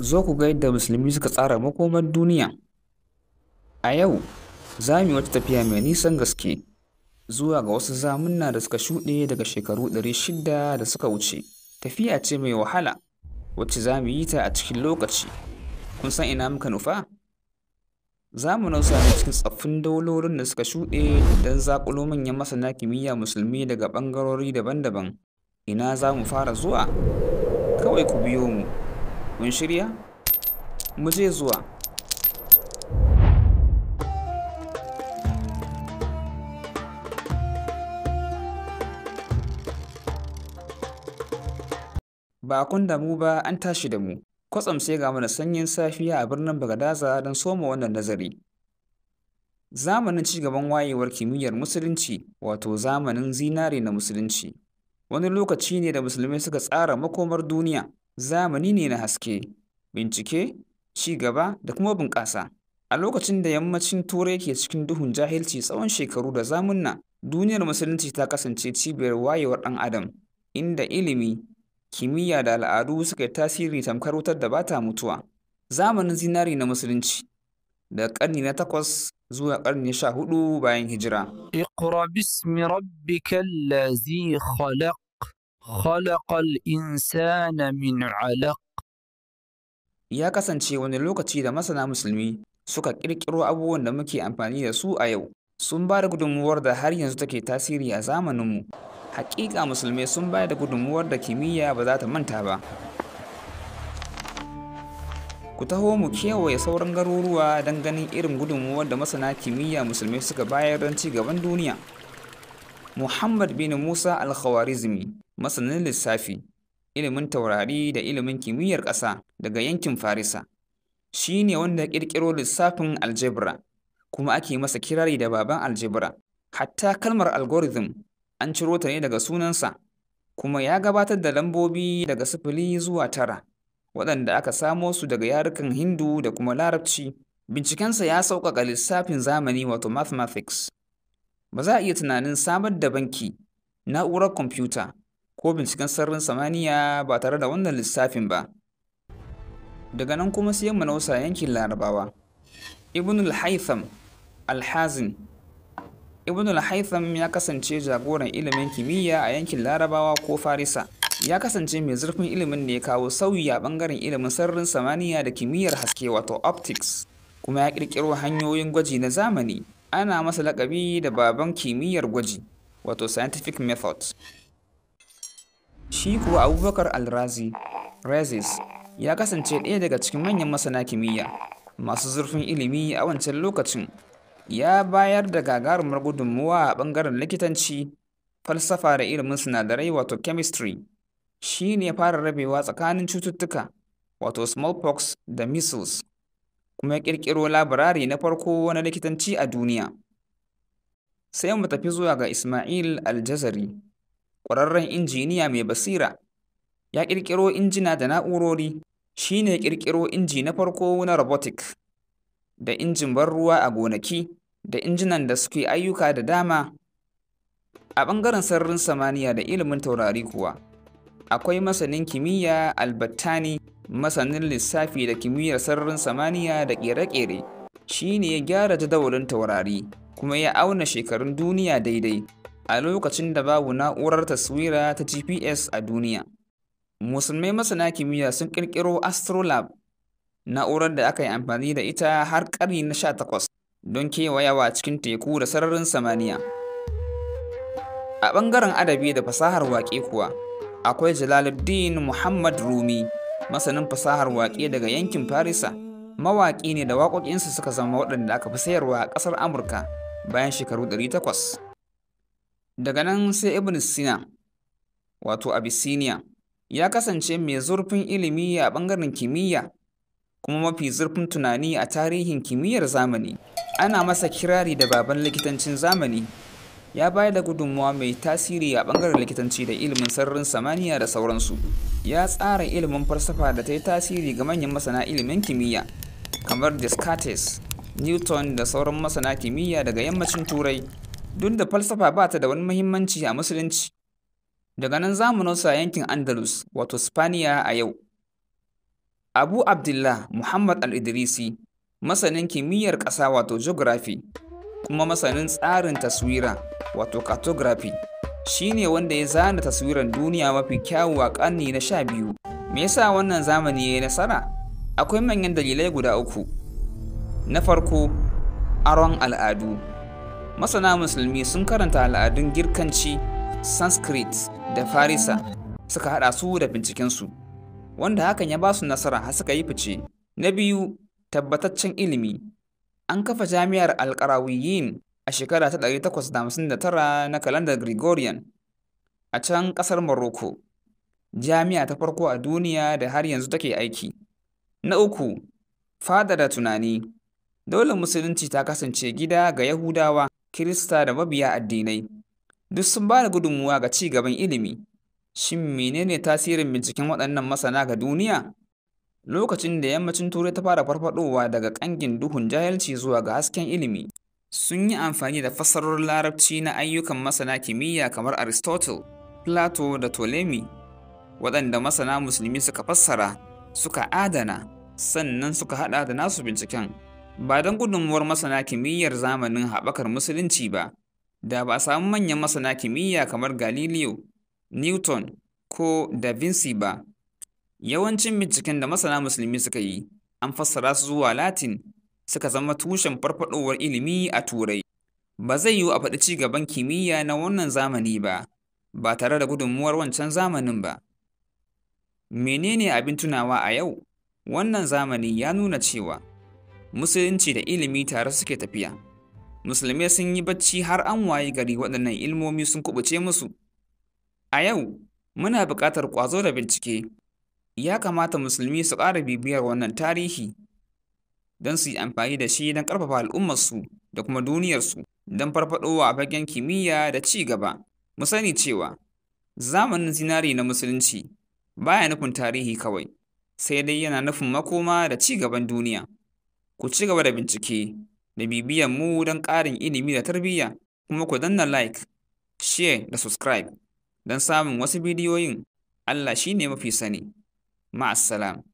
zo ku ga yadda musulmi suka tsara makomar duniya a yau za mu wata tafiya mai nisan gaske zuwa ga wasu zamunna da suka shuɗe daga shekaru ɗari 600 da suka wuce tafiya ce mai wahala wacce za mu yi ta a cikin lokaci kun san ina muka nufa za mu nausa ne cikin tsaffin daulorin da suka shuɗe don zaƙulo manyan masana kimiyya musulmi daga ɓangarori daban-daban ina za mu fara zuwa kawai ku biyo mu Kun shirya? Mu je zuwa. Ba kun mu ba an tashi da mu. Kwatsam sai ga mana sanyin safiya a birnin Bagadaza don soma wannan nazari. Zamanin ci gaban wayewar kimiyyar Musulunci, wato zamanin zinare na Musulunci, wani lokaci ne da musulmai suka tsara makomar duniya zamani ne na haske, bincike, ci gaba da kuma bunƙasa. A lokacin da Yammacin Turai ke cikin duhun jahilci tsawon shekaru da zamunna, duniyar Musulunci ta kasance cibiyar wayewar ɗan Adam, inda ilimi, kimiyya da al'adu suka yi tasiri tamkar wutar da bata mutuwa. Zamanin zinari na Musulunci, da ƙarni na takwas zuwa ƙarni sha hudu bayan hijira. Iqra bismi rabbikal ladzi khalaq خلق الإنسان من علق ya kasance wani lokaci da masana musulmi suka ƙirƙiro abubuwan da muke amfani da su a yau sun bada gudummawar da har yanzu take tasiri a zamaninmu Haƙiƙa musulmai sun ba da gudunmuwar da kimiyya ba za ta manta ba ku taho mu kewaye sauran garuruwa don ganin irin gudummawar da masana kimiyya musulmai suka bayar don ci gaban duniya muhammad bin musa al-khawarizmi masanin lissafi ilimin taurari da ilimin kimiyyar ƙasa daga yankin farisa shi ne wanda ƙirƙiro lissafin aljibra kuma ake masa kirari da baban aljibra hatta kalmar algorithm an ciro ta ne daga sunansa kuma ya gabatar da lambobi daga sifili zuwa tara waɗanda aka samo su daga yarukan hindu da kuma larabci bincikensa ya sauƙaƙa lissafin zamani wato mathematics ba za a iya tunanin samar da banki na'urar kwamfuta ko binciken sararin samaniya ba tare da wannan lissafin ba daga nan kuma sai mu nausa yankin larabawa ibnul Alhazin haytham al-hazin ya kasance jagoran ilimin kimiyya a yankin larabawa ko farisa ya kasance mai zurfin ilimin da ya kawo sauyi a bangaren ilimin sararin samaniya da kimiyyar haske wato optics kuma ya kirkiro hanyoyin gwaji na zamani ana masa lakabi da baban kimiyyar gwaji wato scientific methods Shi kuwa Abubakar Al-Razi, Razis, ya kasance ɗaya daga cikin manyan masana kimiyya masu zurfin ilimi a wancan lokacin. Ya bayar da gagarumar gudunmuwa a ɓangaren likitanci, falsafa da ilimin sinadarai wato chemistry. Shi ne fara rabewa tsakanin cututtuka wato smallpox da measles, kuma ya ƙirƙiro labarari na farko na likitanci a duniya. Sai mu tafi zuwa ga Ismail aljazari ƙwararren injiniya mai basira ya ƙirƙiro injina da na'urori shi ne ƙirƙiro inji na farko na robotic da injin ban ruwa a gonaki da injinan da suke ayyuka da dama a ɓangaren sararin samaniya da ilimin taurari kuwa akwai masanin kimiyya albattani masanin lissafi da kimiyyar sararin samaniya da ƙere-ƙere shi ne ya gyara jadawalin taurari kuma ya auna shekarun duniya daidai a lokacin da babu na'urar taswira ta GPS a duniya. Musulmai masana kimiyya sun ƙirƙiro Astrolab, na'urar da aka yi amfani da ita har ƙarni na takwas don kewayawa cikin teku da sararin samaniya. A ɓangaren adabi da fasahar waƙe kuwa, akwai Jalaluddin Muhammad Rumi, masanin fasahar waƙe daga yankin Farisa, mawaƙi ne da waƙoƙinsa suka zama waɗanda aka fi sayarwa a ƙasar Amurka bayan shekaru 800. daga nan sai ibn sina wato abyssinia ya kasance mai zurfin ilimi a ɓangaren kimiyya kuma mafi zurfin tunani a tarihin kimiyyar zamani ana masa kirari da baban likitancin zamani ya bayar da gudunmuwa mai tasiri a ɓangaren likitanci da ilimin sararin samaniya da sauransu ya tsara ilimin falsafa da ta yi tasiri ga manyan masana ilimin kimiyya kamar descartes newton da sauran masana kimiyya daga yammacin turai duk da falsafa ba ta da wani muhimmanci a musulunci daga nan zamaninsa yankin andalus wato spaniya a yau abu abdullah muhammad al-idrisi masanin kimiyyar ƙasa wato geography kuma masanin tsarin taswira wato cartography shine wanda ya zana taswiran duniya mafi kyawuwa a ƙarni na sha biyu me yasa wannan zamani ya yi nasara akwai manyan dalilai guda uku na farko aron al'adu masana musulmi sun karanta al'adun girkanci sanskrit da farisa suka haɗa su da bincikensu wanda hakan ya ba su nasara har suka yi fice na biyu tabbataccen ilimi an kafa jami'ar alkarawiyin a shekara ta tara na kalandar gregorian a can ƙasar morocco jami'a ta farko a duniya da har yanzu take aiki na uku fada da tunani dole musulunci ta kasance gida ga yahudawa Kirista da mabiya addinai, duk sun ba da gudunmawa ga ci gaban ilimi. Shin menene tasirin binciken waɗannan masana ga duniya? Lokacin da Yammacin Turai ta fara farfadowa daga ƙangin duhun jahilci zuwa ga hasken ilimi, sun yi amfani da fassarar larabci na ayyukan masana kimiyya kamar Aristotle, Plato da Ptolemy, waɗanda masana musulmi suka fassara, suka adana, sannan suka haɗa da nasu binciken. ba don gudunmuwar masana kimiyyar zamanin haɓakar musulunci ba da ba a samu manyan masana kimiyya kamar galileo newton ko da vinci ba yawancin binciken da masana musulmi suka yi an fassara su zuwa latin suka zama tushen farfadowar ilimi a turai ba zai yiwu a faɗi ci gaban kimiyya na wannan zamani ba ba tare da gudunmuwar wancan zamanin ba menene abin tunawa a yau wannan zamani ya nuna cewa musulunci da ilimi tare suke tafiya musulmai sun yi bacci har an waye gari waɗannan ilmomi sun kubuce musu a yau muna buƙatar ƙwazo da bincike ya kamata musulmi su ƙara bibiyar wannan tarihi don su yi amfani da shi don ƙarfafa al'ummarsu da kuma duniyarsu don farfaɗowa a fagen kimiyya da ci gaba. Mu sani cewa zamanin zinari na musulunci baya nufin tarihi kawai, sai dai yana nufin makoma da ci gaban duniya. Ku ci gaba da bincike da bibiyan mu don ƙarin ilimi da tarbiyya kuma ku danna like, share da subscribe don samun wasu bidiyoyin Allah shi ne mafi sani. Ma'assalam.